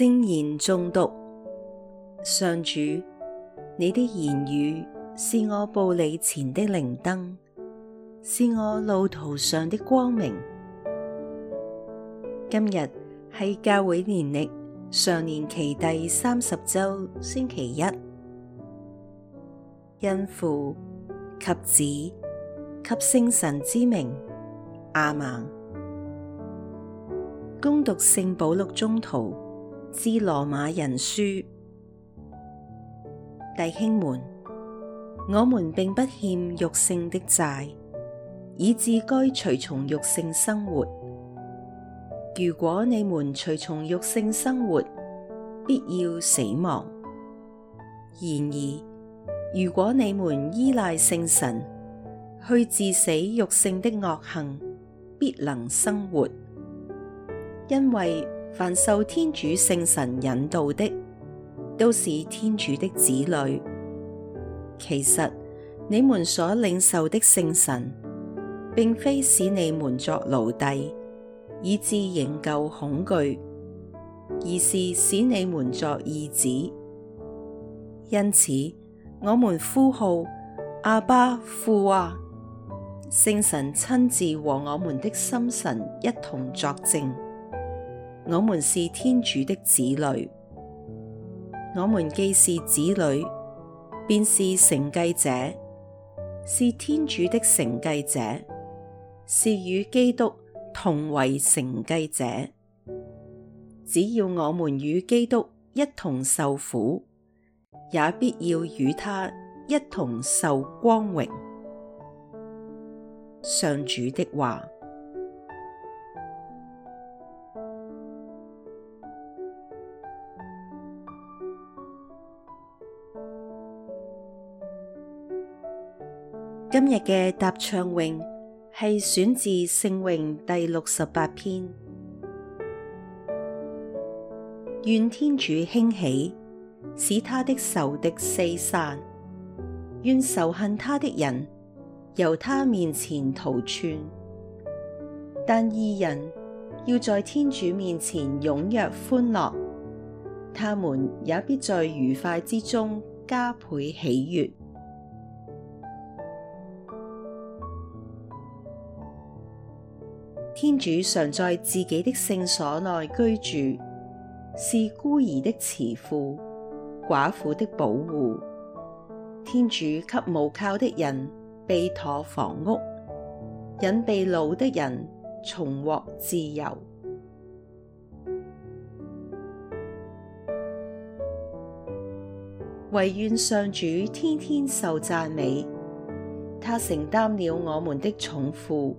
聖言誦讀，上主，你的言語是我步履前的靈燈，是我路途上的光明。今日係教會年曆常年期第三十周星期一，因父及子及聖神之名，阿們。恭讀聖保祿宗徒。致羅馬人書，弟兄們，我們並不欠肉性的債，以致該隨從肉性生活。如果你們隨從肉性生活，必要死亡；然而，如果你們依賴聖神去治死肉性的惡行，必能生活，因為。凡受天主聖神引導的，都是天主的子女。其實你們所領受的聖神，並非使你們作奴隸，以致仍舊恐懼，而是使你們作義子。因此，我們呼號，阿爸父啊，聖神親自和我們的心神一同作證。我們是天主的子女，我們既是子女，便是承繼者，是天主的承繼者，是與基督同為承繼者。只要我們與基督一同受苦，也必要與他一同受光榮。上主的話。今日嘅答唱詠係選自聖詠第六十八篇，願天主興起，使他的仇敵四散，願仇恨他的人由他面前逃竄。但義人要在天主面前踴躍歡樂，他們也必在愉快之中加倍喜悅。天主常在自己的聖所內居住，是孤兒的慈父，寡婦的保護。天主給無靠的人備妥房屋，引被擄的人重獲自由。唯願上主天天受讚美，他承擔了我們的重負。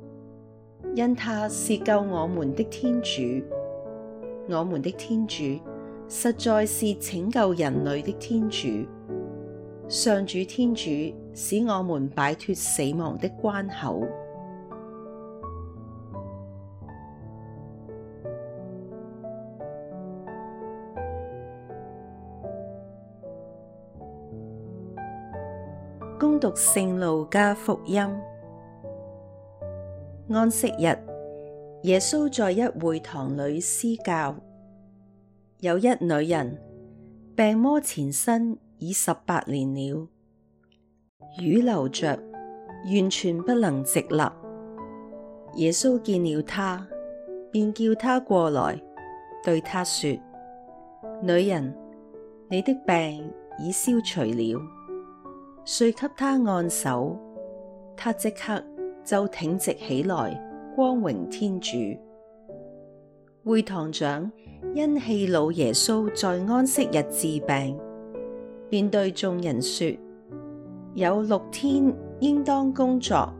因他是救我們的天主，我們的天主實在是拯救人類的天主，上主天主使我們擺脫死亡的關口。恭讀聖路加福音。安息日，耶穌在一會堂裏施教，有一女人，病魔纏身已十八年了，傴僂著，完全不能直立。耶穌見了她，便叫她過來，對她説：女人，你的病已消除了。遂給她按手，她即刻。就挺直起來，光榮天主。會堂長因氣惱耶穌在安息日治病，便對眾人說：有六天應當工作，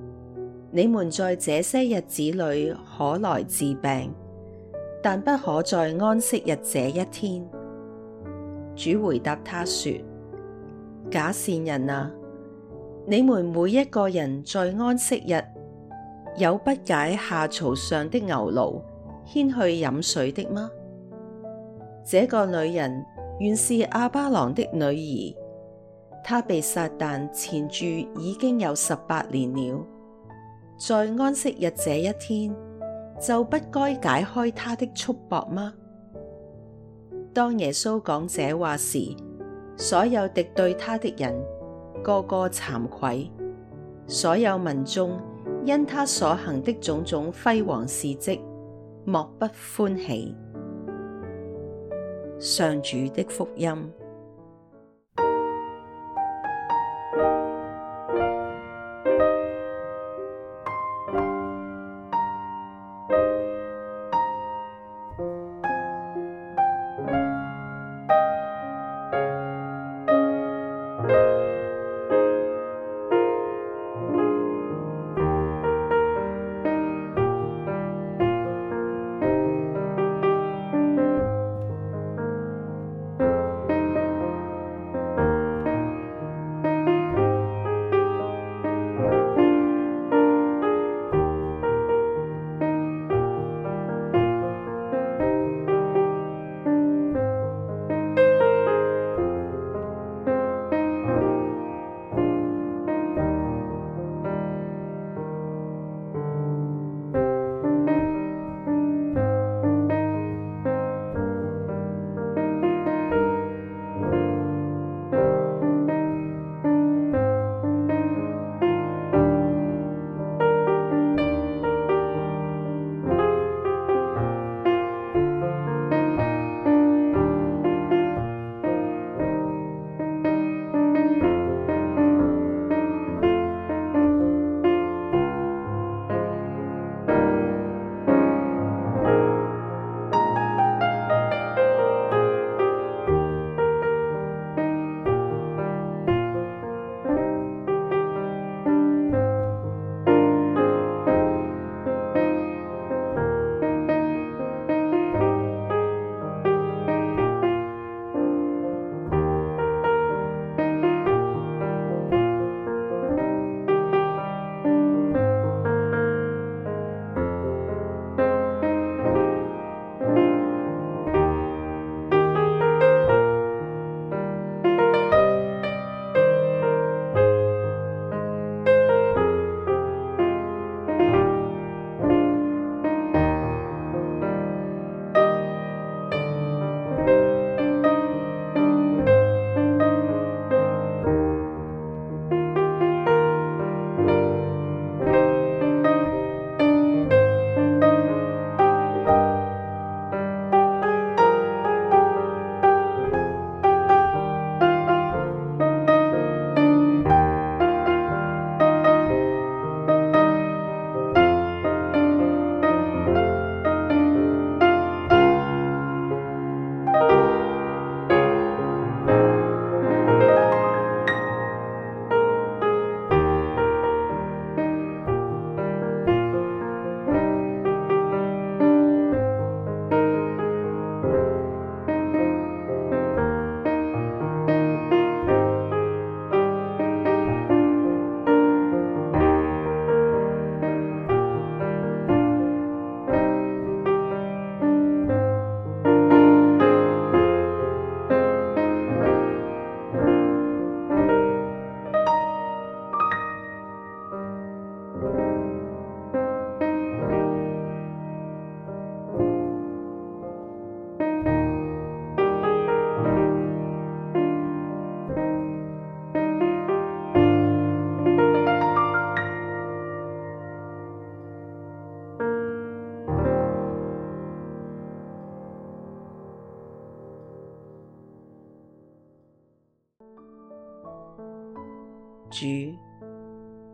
你們在這些日子裏可來治病，但不可在安息日這一天。主回答他說：假善人啊，你們每一個人在安息日。有不解下槽上的牛驢牽去飲水的嗎？這個女人原是亞巴郎的女兒，她被撒殫纏住已經有十八年了，在安息日這一天就不該解開她的束縛嗎？當耶穌講這話時，所有敵對他的人個個慚愧，所有民眾，因他所行的種種輝煌事蹟，莫不歡喜。上主的福音。